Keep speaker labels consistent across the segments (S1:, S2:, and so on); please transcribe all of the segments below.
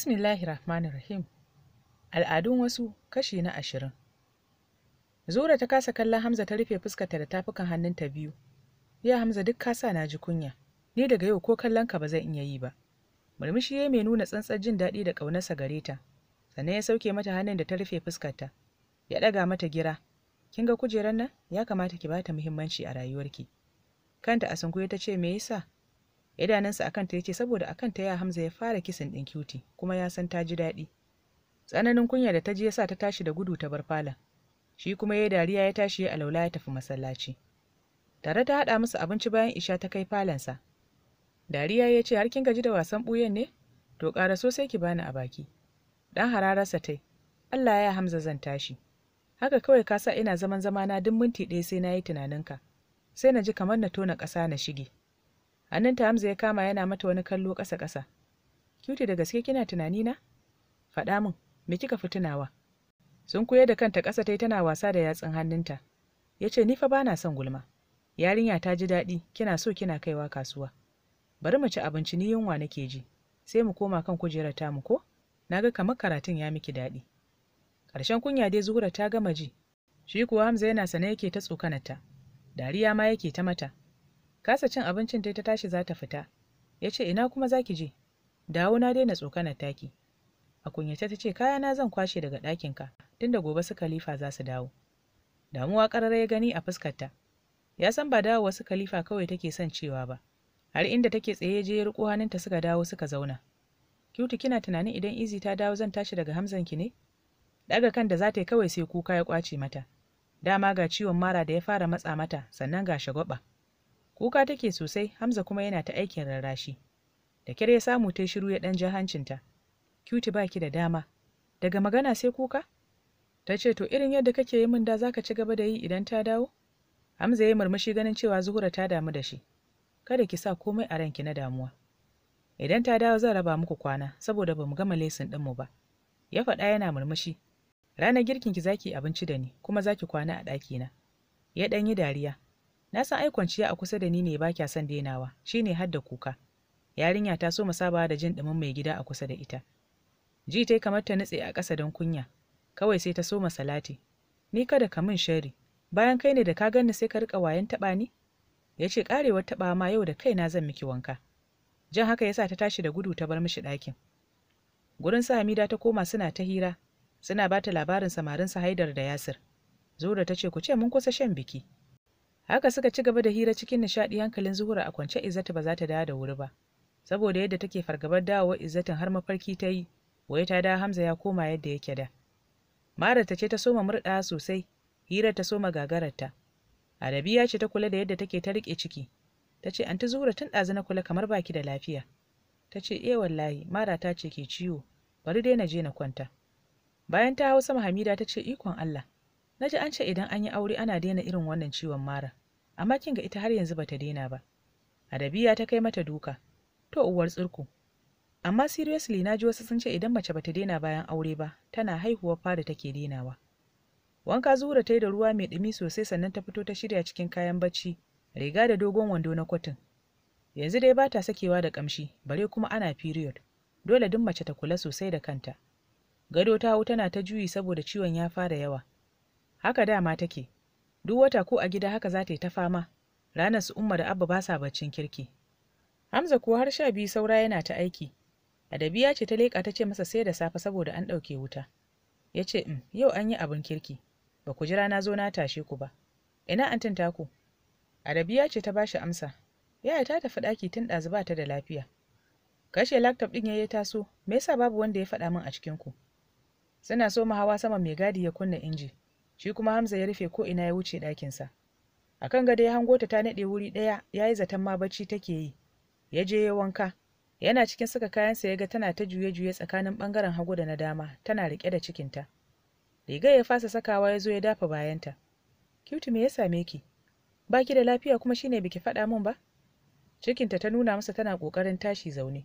S1: Bismillahi Rahmanir Rahim. Al'adun wasu kashi na ashirin. Zura ta kasa kallon Hamza ta rufe fuskarta da tafukan hannunta biyu. Ya Hamza duk kasa na ji kunya. Ni daga yau ko kallon ka ba zan iya yi ba. Murmushi ya mai nuna tsantsar jin daɗi da ƙaunarsa gare ta. Sannan ya sauke mata hannun da ta rufe fuskarta. Ya ɗaga mata gira. Kin ga kujerar nan? Ya kamata ki bata muhimmanci a rayuwarki. Kanta a sunkuye ta ce me yasa? idanunsa akan ta yace saboda akan ta ya Hamza ya fara kisan ɗin kyuti kuma ya san ta ji daɗi tsananin kunya da ta ji sa ta tashi da gudu ta bar falon shi kuma ya dariya ya tashi ya alaula ya tafi masallaci tare ta haɗa musu abinci bayan isha ta kai falonsa dariya ya ce har kin gaji da wasan ɓuyan ne to ƙara so sai ki bani a baki dan harararsa tai Allah ya Hamza zan tashi haka kawai ka sa ina zaman zamana duk minti ɗaya sai na yi tunaninka sai na ji kamar na tona ƙasa na shige hannunta hamza ya kama yana mata wani kallo ƙasa ƙasa kyuti da gaske kina tunani na faɗa min me kika fi tunawa sun kuye da kanta ƙasa ta tana wasa da yatsun hannunta ya ce ni fa ba na son gulma yarinya ta ji daɗi kina so kina kaiwa kasuwa bari mu ci abinci ni yunwa nake ji sai mu koma kan kujerar mu, ko na ga kamar karatun ya miki daɗi ƙarshen kunya dai zuhura ta gama ji shi kuwa hamza yana sane yake ta tsokanarta dariya ma yake ta mata kasa cin abincin ta tashi za ta fita ya ce ina kuma za ki je dawo na daina tsokanar taki a kunyace ta ce kayana zan kwashe daga ɗakinka tunda gobe su khalifa za su dawo damuwa ƙarara ya gani a fuskarta ya san ba dawo wasu kalifa kawai take son cewa ba har inda take tsaye je ya riko hannunta suka dawo suka zauna kyutu kina tunanin idan izi ta dawo zan tashi daga hamzan ki ne daga kan da za ta yi kawai sai kuka ya kwace mata dama ga ciwon mara da ya fara matsa mata sannan ga shagwaba kuka take sosai hamza kuma yana ta aikin rarrashi da kyar ya samu ta shiru ya dan ja hancinta cuti baki da dama daga magana sai kuka ta ce to irin yadda kake yi min da zaka ci gaba da yi idan ta dawo hamza ya murmushi ganin cewa zuhura ta damu da shi kada ki sa komai a ranki na damuwa idan ta dawo zan raba muku kwana saboda bamu gama lesin mu ba ya faɗa yana murmushi ranar girkin ki zaki abinci da ni kuma zaki kwana a ɗakina ya ɗan yi dariya na san ai kwanciya a kusa da ni ne ba kya son dainawa shine har da kuka yarinya ta so sabawa da jin dumin mai gida a kusa da ita ji tai kamar ta nutse a ƙasa don kunya kawai sai ta so salati ni kada ka min shari bayan kai ne da ka ganni sai ka rika wayan taɓani. ni ya ce ƙarewar ma yau da kaina zan miki wanka jan haka yasa ta tashi da gudu ta bar mishi ɗakin gurin sa hamida ta koma suna ta hira suna ba ta labarin samarin sa haidar da yasir zura ta ce ku ce mun kusa shan biki haka suka ci gaba da hira cikin nishaɗi hankalin zuhura a kwance izzatu ba za ta dawo da wuri ba saboda yadda take fargabar dawowar izzatin har mafarki ta yi wai ta da hamza ya koma yadda yake da mara ta ce ta soma murɗa sosai hira ta soma gagararta adabiya ce ta kula da yadda take ta rike ciki ta ce anti zuhura tun ɗazu na kula kamar baki da lafiya ta ce eh wallahi mara ta ce ke ciwo bari dai na je na kwanta bayan ta hau sama hamida ta ce ikon allah na ji an ce idan an yi aure ana daina irin wannan ciwon mara amma kin ga ita har yanzu bata daina ba adabiya ta kai mata duka to uwar tsirku amma seriously naji ji wasu sun ce idan mace bata daina bayan aure ba tana haihuwa fara take dainawa wanka zura tai yi da ruwa mai ɗumi sosai sannan ta fito ta shirya cikin kayan bacci riga da dogon wando na kwatin yanzu dai ba ta sakewa da kamshi bare kuma ana period dole duk mace ta kula sosai da kanta gado ta hau tana ta juyi saboda ciwon ya fara yawa haka dama take duk wata ko a gida haka za ta yi ta fama ranar su umma da abba ba sa baccin kirki hamza kuwa har sha biyu saura yana ta aiki adabiya ce ta leƙa ta ce masa sai da safe saboda an ɗauke wuta ya ce In mm, yau an yi abin kirki ba ku jira na zo na tashe ku ba ina an antin taku adabiya ce ta bashi amsa yaya ta tafi ɗaki tun ɗazu ba ta da lafiya kashe laptop ɗin ya yi taso me yasa babu wanda ya faɗa min a cikin ku suna so mu hawa sama mai gadi ya kunna inji shi kuma hamza ya rufe ko ina ya wuce ɗakinsa a kan gado ya hango ta ta naɗe wuri ɗaya ya yi zaton ma bacci take yi ya je ya wanka yana cikin saka kayansa ya ga tana ta juye-juye tsakanin ɓangaren hagu da na dama tana riƙe da cikinta rigar ya fasa sakawa ya zo ya dafa bayanta kyutu me ya same ki ba ki da lafiya kuma shine biki faɗa min ba cikinta ta nuna masa tana ƙoƙarin tashi zaune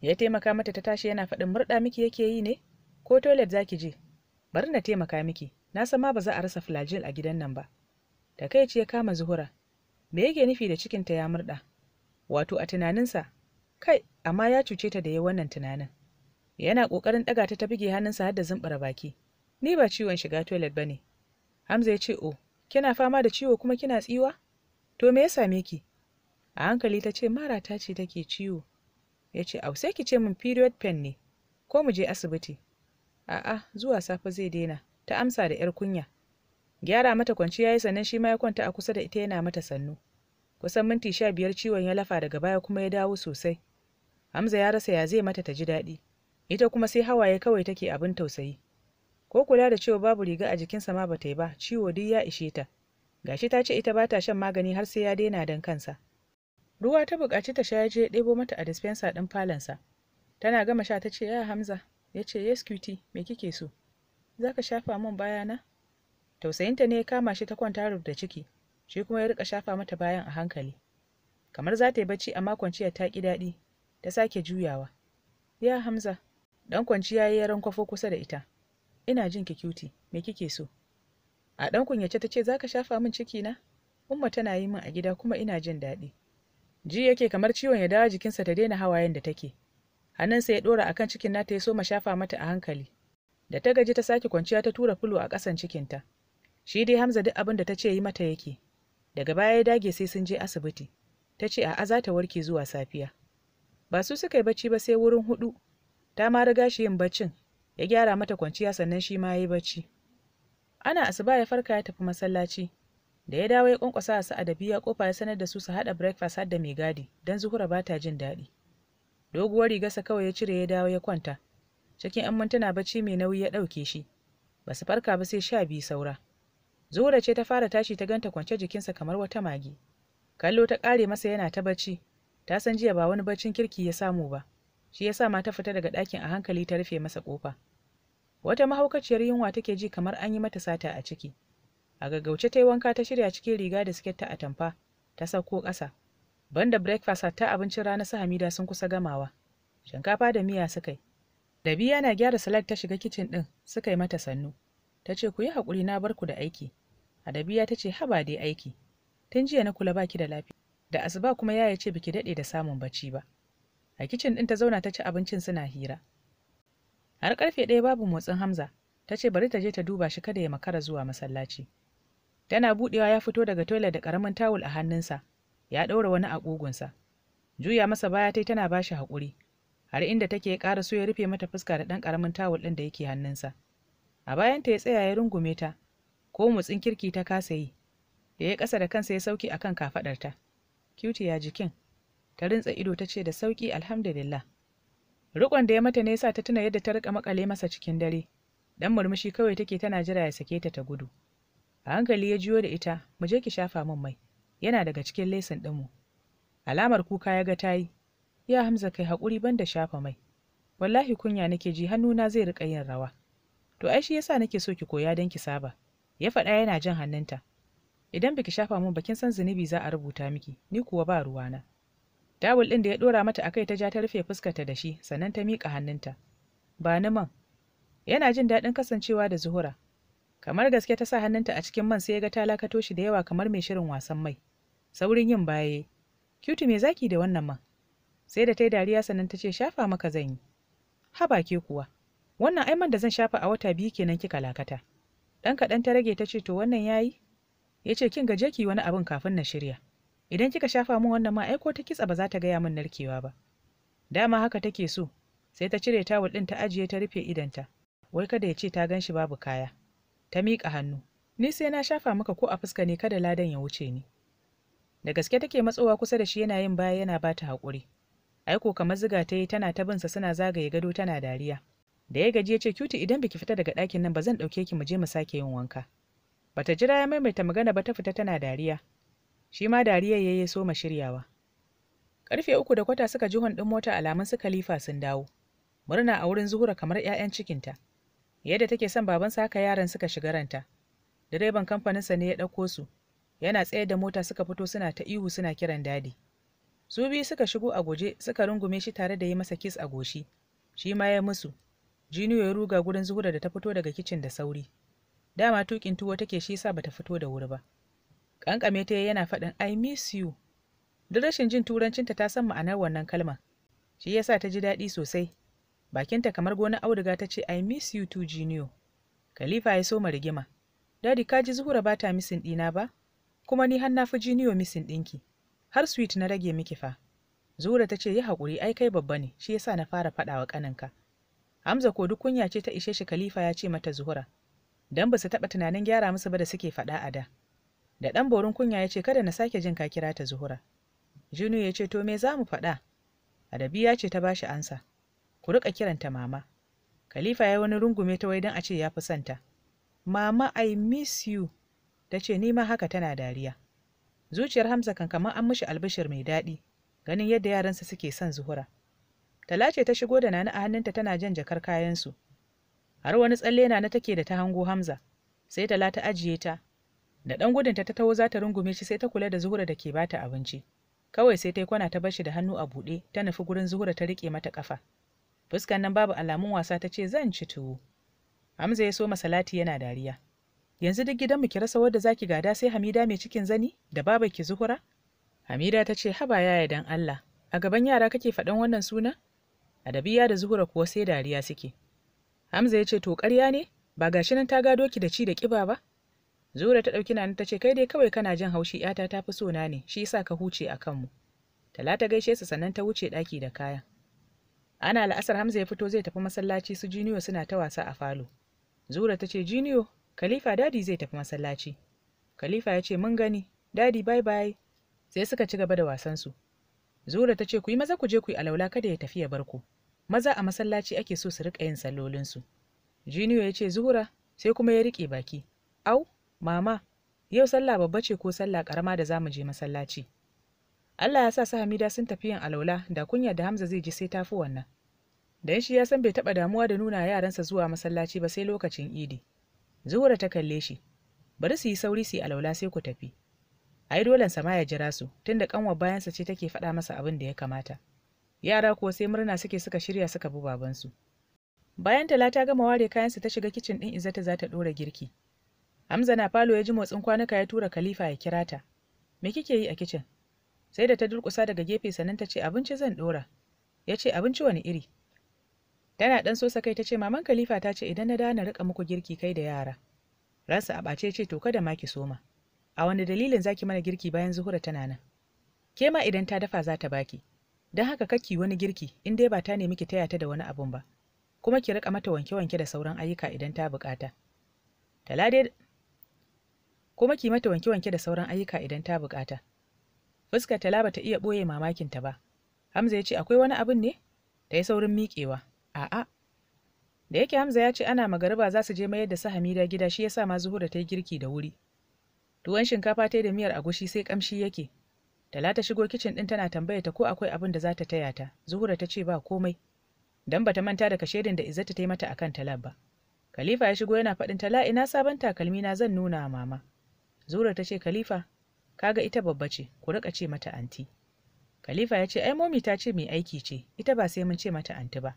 S1: ya taimaka mata ta tashi yana faɗin murɗa miki yake yi ne ko toilet za ki je bari na taimaka miki na san ma ba za a rasa flagel a gidan nan ba da kai ce ya kama zuhura me yake nufi da cikinta ya murɗa wato a tunaninsa kai amma ya cuce ta da ya wannan tunanin yana ƙoƙarin ɗaga ta ta buge hannunsa har da zumbura baki ni ba ciwon shiga toilet ba ne hamza ya ce o oh, kina fama da ciwo kuma kina tsiwa to me ya same ki a hankali ta ce mara ta ce take ciwo ya ce au sai ki ce min period pain ne ko mu je asibiti a'a zuwa safe zai daina ta amsa da 'yar kunya gyara mata kwanciya yayi sannan shi ma ya kwanta a kusa da ita yana mata sannu kusan minti sha biyar ciwon ya lafa daga baya kuma ya dawo sosai hamza ya rasa ya zai mata ta ji daɗi ita kuma sai hawaye kawai take abin tausayi ko kula da cewa babu riga a jikinsa ma ta yi ba ciwo duk ya ishe ta gashi ta ce ita bata shan magani har sai ya daina don kansa ruwa ta buƙaci ta sha ya je ɗebo mata a dispensa ɗin falonsa tana gama sha ta ce ya ah, hamza ya ce yes cutie me kike so za ka shafa min na? tausayinta ne ya kama shi ta kwanta rubuta ciki shi kuma ya rika shafa mata bayan a hankali kamar za ta yi bacci amma kwanciya ta ki daɗi ta sake juyawa ya hamza dan kwanciya ya yi kwafo kusa da ita ina jin ki cuti, me kike so a dan kunyace ta ce za ka shafa min ciki na umma tana yi min a gida kuma ina jin daɗi ji yake kamar ciwon ya dawo jikinsa ta daina hawayen da take hannunsa ya ɗora akan cikin nata ya so ma shafa mata a hankali da ta gaji ta sake kwanciya ta tura fulo a ƙasan cikinta shi dai hamza duk abin da ta ce yi mata yake daga baya ya dage sai sun je asibiti ta ce a'a za ta warke zuwa safiya ba su suka yi bacci ba sai wurin hudu ta ma riga shi yin baccin ya gyara mata kwanciya sannan shi ma ya yi bacci ana asuba ya farka ya tafi masallaci da ya dawo ya kwankwasa a sa'adabi ya kofa ya sanar da su su haɗa breakfast har da mai gadi don zuhura ba ta jin daɗi doguwar rigarsa kawai ya cire ya dawo ya kwanta cikin 'yan mintuna bacci mai nauyi ya ɗauke shi ba su farka ba sai sha biyu saura zuhura ce ta fara tashi ta ganta kwance jikinsa kamar wata mage kallo ta ƙare masa yana ta bacci ta san jiya ba wani baccin kirki ya samu ba shi ya sa ma ta fita daga ɗakin a hankali ta rufe masa ƙofa wata mahaukaciyar yunwa take ji kamar an yi mata sata a ciki a gaggauce ta yi wanka ta shirya cikin riga da siket ta atamfa ta sauko ƙasa banda breakfast ta abincin rana su hamida sun kusa gamawa shinkafa da miya suka yi Da biya na gyara salak ta shiga kicin ɗin suka yi mata sannu. Ta ce ku yi haƙuri na bar ku da aiki. A Adabiya ta ce haba dai aiki. Tun jiya na kula baki da lafiya. Da asuba kuma yaya ce biki daɗe da samun bacci ba. A kicin ɗin ta zauna ta ci abincin suna hira. Har ƙarfe ɗaya babu motsin Hamza. Ta ce bari ta je ta duba shi kada ya makara zuwa masallaci. Tana buɗewa ya fito daga toilet da ƙaramin tawul a hannunsa. Ya ɗaura wani a ƙugunsa. Juya masa baya tai tana bashi haƙuri. har inda take ya ƙara so ya rufe mata fuska da ɗan ƙaramin tawul ɗin da yake hannunsa a bayanta ya tsaya ya rungume ta ko motsin kirki ta kasa yi da ya ƙasa da kansa ya sauki a kan kafaɗarta cutie ya jikin ta rintsa ido ta ce da sauki alhamdulillah Rikon da ya mata ne sa ta tuna yadda ta rika maƙale masa cikin dare. Ɗan murmushi kawai take tana jira ya sake ta ta gudu. A hankali ya jiyo da ita, mu je ki shafa min mai. Yana daga cikin lesin ɗinmu. Alamar kuka ya ga ta yi. ya hamza kai hakuri ban da shafa mai wallahi kunya nake ji hannuna zai rika yin rawa to ai shi yasa nake so ki koya don ki saba ya faɗa yana jan hannunta idan biki shafa mun bakin san zunubi za a rubuta miki ni kuwa ba ruwa na. dawul ɗin da ya ɗora mata akai ta ja ta rufe fuskarta da shi sannan ta miƙa hannunta ba ni man yana jin daɗin kasancewa da zuhura kamar gaske ta sa hannunta a cikin man sai ya ga ta lakato shi da yawa kamar mai shirin wasan mai saurin yin baye kyutu me zaki da wannan man sai da ta yi dariya sannan ta ce shafa maka zan yi ba ke kuwa wannan aiman da zan shafa a wata biyu kenan kika lakata dan kaɗan ta rage ta ce to wannan yayi ya ce kin gaje ki wani abin kafin na shirya idan kika shafa min wannan ma aiko ta kitsa ba za ta gaya min narkewa ba dama haka take so sai ta cire tawul din ta ajiye ta rufe idanta wai kada ya ce ta gan shi babu kaya ta miƙa hannu ni sai na shafa maka ko a fuska ne kada ladan ya wuce ni da gaske take matsowa kusa da shi yana yin baya yana bata haƙuri aiko kamar ziga ta yi tana ta binsa suna zagaye gado tana dariya da ya gaji ya ce cuti idan biki fita daga ɗakin nan ba zan ɗauke ki mu je mu sake yin wanka bata jira ya maimaita magana ba ta fita tana dariya shi ma dariya ya yi soma shiryawa karfe uku da kwata suka ji hon ɗin mota alamun su khalifa sun dawo murna a wurin zuhura kamar 'ya'yan cikinta yadda take son baban babansa haka yaran suka shiga ranta direban kamfaninsa ne ya ɗauko su yana tsaye da mota suka fito suna ta ihu suna kiran dadi su biyu suka shigo a guje suka rungume shi tare da yi masa kis a goshi shi ma ya musu Juniyo ya ruga gurin zuhura da ta fito daga kicin da sauri dama tukin tuwo take shi sa bata fito da wuri ba kankame ta yana faɗin i miss you duk rashin jin turancinta ta san ma'anar wannan kalmar shi yasa ta ji daɗi sosai bakinta kamar gonar auduga ta ce i miss you too junior khalifa ya soma rigima dadi ka ji zuhura ba ta misin ɗina ba kuma ni har na fi junior misin ɗinki har sweet na rage miki fa zura ta ce yi haƙuri ai kai babba ne shi yasa na fara faɗa wa ƙaninka hamza ko duk kunya ce ta ishe shi khalifa ya ce mata zuhura dan ba su taɓa tunanin gyara musu ba da suke faɗa a da da ɗan borin kunya ya ce kada na sake jin ka kira ta zuhura junu ya ce to me za mu faɗa ya ce ta ba shi ansa ku riƙa kiranta mama khalifa ya wani rungume ta wai don a ce ya fi santa mama i miss you ta ce ni haka tana dariya zuciyar hamza kan kamar an mishi albishir mai daɗi ganin yadda yaransa suke son zuhura talace ta shigo da nani a hannunta tana jan jakar kayansu har wani tsalle na take da ta hango hamza sai tala ta ajiye ta da ɗan gudunta ta taho za ta rungume shi sai ta kula da zuhura da ke bata abinci kawai sai ta yi kwana ta bashi da hannu a buɗe ta nufi gurin zuhura ta riƙe mata ƙafa fuskan nan babu alamun wasa ta ce zan ci tuwo hamza ya so masalati yana dariya yanzu duk gidanmu ki rasa wadda zaki gada sai Hamida mai cikin zani da baba ki Zuhura Hamida ta ce haba yaya dan Allah a gaban yara kake faɗan wannan suna Adabiya da Zuhura kuwa sai dariya suke Hamza ya ce to ƙarya ne ba gashi nan ta gado ki da ci da kiba ba Zuhura ta ɗauki nan ta ce kai dai kawai kana jin haushi yata ta fi sona ne shi yasa ka huce a kanmu Talata gaishe su sannan ta wuce ɗaki da kaya ana la'asar Hamza ya fito zai tafi masallaci su Jiniyo suna ta wasa a falo Zura ta ce Jiniyo khalifa dadi zai tafi masallaci khalifa ya ce mun gani dadi bye bye sai suka ci gaba da wasansu zura ta ce ku yi maza ku je ku yi alaula kada ya tafi ya bar ku maza a masallaci ake so su riƙa yin sallolinsu Juniyo ya ce zuhura sai kuma ya rike baki au mama yau sallah babba ce ko sallah karama da zamu je masallaci allah ya sa su hamida sun tafi yin alaula da kunya da hamza zai ji sai tafi wannan dan shi ya san bai taɓa damuwa da nuna yaransa zuwa masallaci ba sai lokacin idi zuhura ta kalle shi bari su yi sauri su yi alaula sai ku tafi a yi dolensa ma ya jira su tunda kanwa bayansa ce take faɗa masa abin da ya kamata yara kuwa sai murna suke suka shirya suka bi babansu bayan tala ta gama ware kayansa ta shiga kicin ɗin izzata za ta ɗora girki hamza na falo ya ji motsin kwanuka ya tura khalifa ya kira ta me kike yi a kicin sai da ta durƙusa daga gefe sannan ta ce abinci zan ɗora ya ce abinci wani iri Tana dan sosa-kai ta ce maman Khalifa ta ce idan na dawo na rika muku girki kai da yara. Ransa a ya ce to kada ma ki soma. A wani dalilin zaki mana girki bayan Zuhura tana nan? Ke ma idan ta dafa za ta baki. dan haka kaki wani girki in dai ba ta nemi ki taya ta da wani abun ba. Kuma ki rika mata wanke-wanke da sauran ayyuka idan ta bukata. Talade kuma ki mata wanke-wanke da sauran ayyuka idan ta bukata. Fuskar Tala bata iya ɓoye ta ba. Hamza ya ce akwai wani abun ne? Ta yi saurin miƙewa. A'a. Da yake Hamza ya ce ana magariba za su je mayar da su Hamida gida shi yasa ma Zuhura ta yi girki da wuri. Tuwon shinkafa ta da miyar agushi sai kamshi yake. Talata shigo kicin ɗin tana tambaya ta ko akwai abin da za ta taya ta. Zuhura ta ce ba komai. Dan bata manta da kashedin da Izzata ta yi mata akan Talab ba. Khalifa ya shigo yana faɗin Tala ina sabon takalmi na zan nuna mama. Zuhura ta ce Khalifa kaga ita babba ce ku rika ce mata anti. Khalifa ya ce ai momi ta ce mai aiki ce ita ba sai mun ce mata anti ba.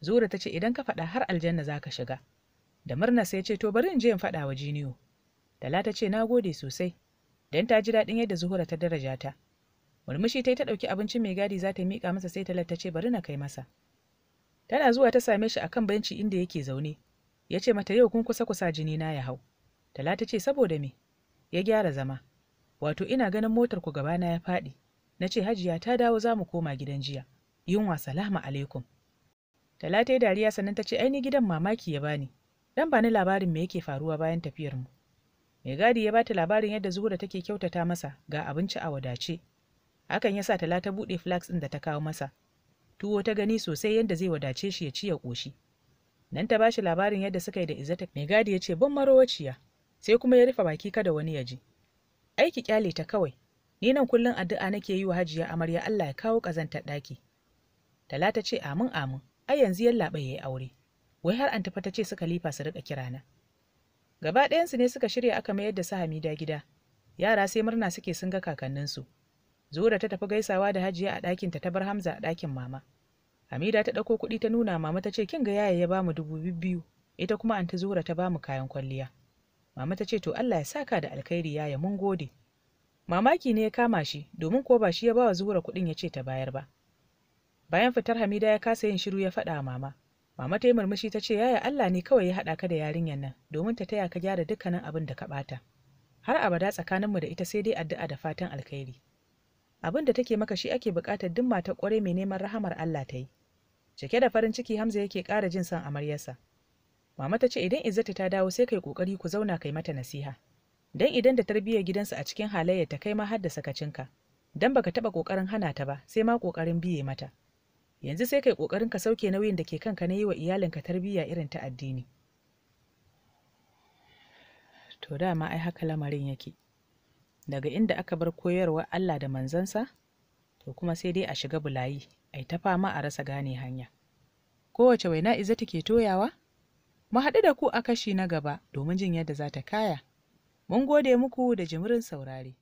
S1: Zura ta ce idan ka faɗa har aljanna za ka shiga. Da murna sai ce to bari in je in faɗa wa jiniyo. Dala ta ce na gode sosai Dan ta ji daɗin yadda Zuhura ta daraja ta. Murmushi ta yi ta ɗauki abincin mai gadi za ta miƙa masa sai Talat ta ce bari na kai masa. Tana zuwa ta same shi akan benci inda yake zaune. Ya ce mata yau kun kusa kusa jini na ya hau. Tala ta ce saboda me? Ya gyara zama. Wato ina ganin motar ku gabana ya faɗi. Na ce hajiya ta dawo za mu koma gidan jiya. Yunwa Salamu alaikum. Tala ta yi dariya sannan ta ce aini gidan mamaki ya bani. Dan bani labarin me yake faruwa bayan tafiyar mu. Mai gadi ya bata labarin yadda Zuhura take kyautata masa ga abinci a wadace. Hakan ya sa Tala ta buɗe flax ɗin da ta kawo masa. Tuwo ta gani sosai yadda zai wadace shi ya ci ya ƙoshi. Nan ta bashi labarin yadda suka yi da Izzata. Mai gadi ya ce ban marowaciya. Sai kuma ya rufe baki kada wani ya ji. Aiki kyale ta kawai. Ni nan kullum addu'a nake yi wa Hajiya Amarya Allah ya kawo ƙazantar ɗaki. Talata ce amin amin. ai yanzu yallaɓa ya yi aure wai har an tafi ta ce su kalifa su riƙa kirana gaba ɗayansu ne suka shirya aka mayar da su hamida gida yara sai murna suke sun ga kakannin su zura ta tafi gaisawa da hajiya a ɗakinta ta ta bar hamza a ɗakin mama hamida ta ɗauko kuɗi ta nuna mama ta ce kin ga yaya ya bamu dubu biyu ita kuma Anta zura ta bamu kayan kwalliya mama ta ce to allah ya saka da alkhairi yaya mun gode mamaki ne ya kama shi domin ko ba shi ya bawa zura kuɗin ya ce ta bayar ba bayan fitar hamida ya kasa yin shiru ya faɗa mama mama ta yi murmushi ta ce yaya allah ne kawai ya haɗa ka da yarinyar nan domin ta taya ka gyara dukkanin abin da ka ɓata har abada tsakaninmu da ita sai dai addu'a da fatan alkhairi abin da take maka shi ake buƙatar duk matar ƙwarai mai neman rahamar allah ta yi cike da farin ciki hamza yake ƙara jin son amaryarsa mama ta ce idan izzata ta dawo sai kai ƙoƙari ku zauna kai mata nasiha dan idan da tarbiyyar gidansa a cikin halayyar ta kai ma har da sakacinka dan baka taɓa ƙoƙarin hana ta ba sai ma ƙoƙarin biye mata yanzu sai kai ƙoƙarin ka sauke nauyin da ke kanka na yi wa iyalinka tarbiyya irin ta addini to dama ai haka lamarin yake daga inda aka bar koyarwar Allah da manzansa to kuma sai dai a shiga bulayi ai ta fama a rasa gane hanya kowace waina iza take toyawa mu haɗu da ku a kashi na gaba domin jin yadda za ta kaya mun gode muku da jimirin saurare